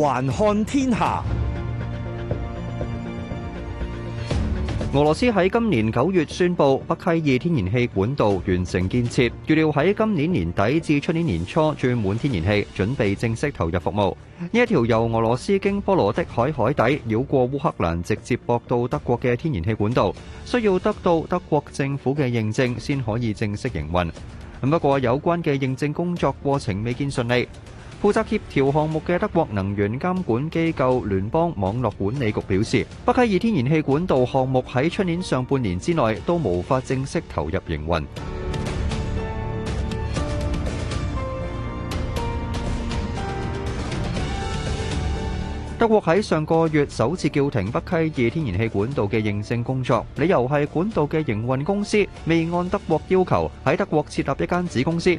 環看天下，俄羅斯喺今年九月宣布北溪二天然氣管道完成建設，預料喺今年年底至出年年初注滿天然氣，準備正式投入服務。呢一條由俄羅斯經波羅的海海底繞過烏克蘭，直接駁到德國嘅天然氣管道，需要得到德國政府嘅認證先可以正式營運。咁不過有關嘅認證工作過程未見順利。負責協調項目嘅德國能源監管機構聯邦網絡管理局表示，北溪二天然氣管道項目喺出年上半年之內都無法正式投入營運。德國喺上個月首次叫停北溪二天然氣管道嘅認證工作，理由係管道嘅營運公司未按德國要求喺德國設立一間子公司。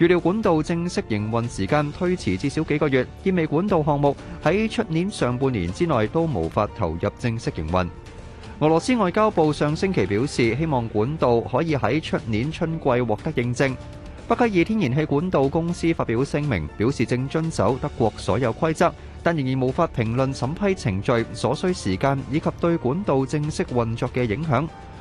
預料管道正式營運時間推遲至少幾個月，意味管道項目喺出年上半年之內都無法投入正式營運。俄羅斯外交部上星期表示，希望管道可以喺出年春季獲得認證。北溪二天然氣管道公司發表聲明表示，正遵守德國所有規則，但仍然無法評論審批程序所需時間以及對管道正式運作的影響。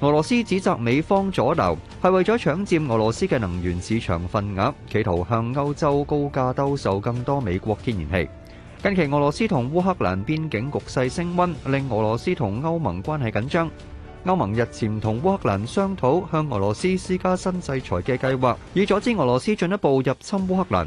俄羅斯指責美方阻撓，係為咗搶佔俄羅斯嘅能源市場份額，企圖向歐洲高價兜售更多美國天然氣。近期俄羅斯同烏克蘭邊境局勢升溫，令俄羅斯同歐盟關係緊張。歐盟日前同烏克蘭商討向俄羅斯施加新制裁嘅計劃，以阻止俄羅斯進一步入侵烏克蘭。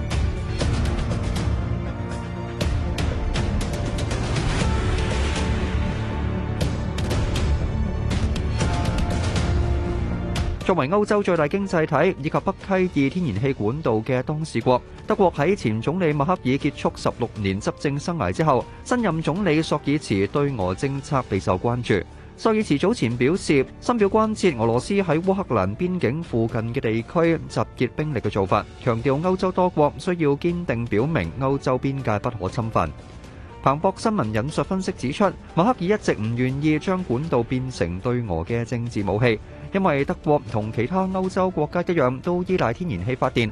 作為歐洲最大經濟體以及北溪二天然氣管道嘅當事國，德國喺前總理默克爾結束十六年執政生涯之後，新任總理朔爾茨對俄政策備受關注。朔爾茨早前表示，深表關切俄羅斯喺烏克蘭邊境附近嘅地區集結兵力嘅做法，強調歐洲多國需要堅定表明歐洲邊界不可侵犯。彭博新聞引述分析指出，默克爾一直唔願意將管道變成對俄嘅政治武器，因為德國同其他歐洲國家一樣，都依賴天然氣發電。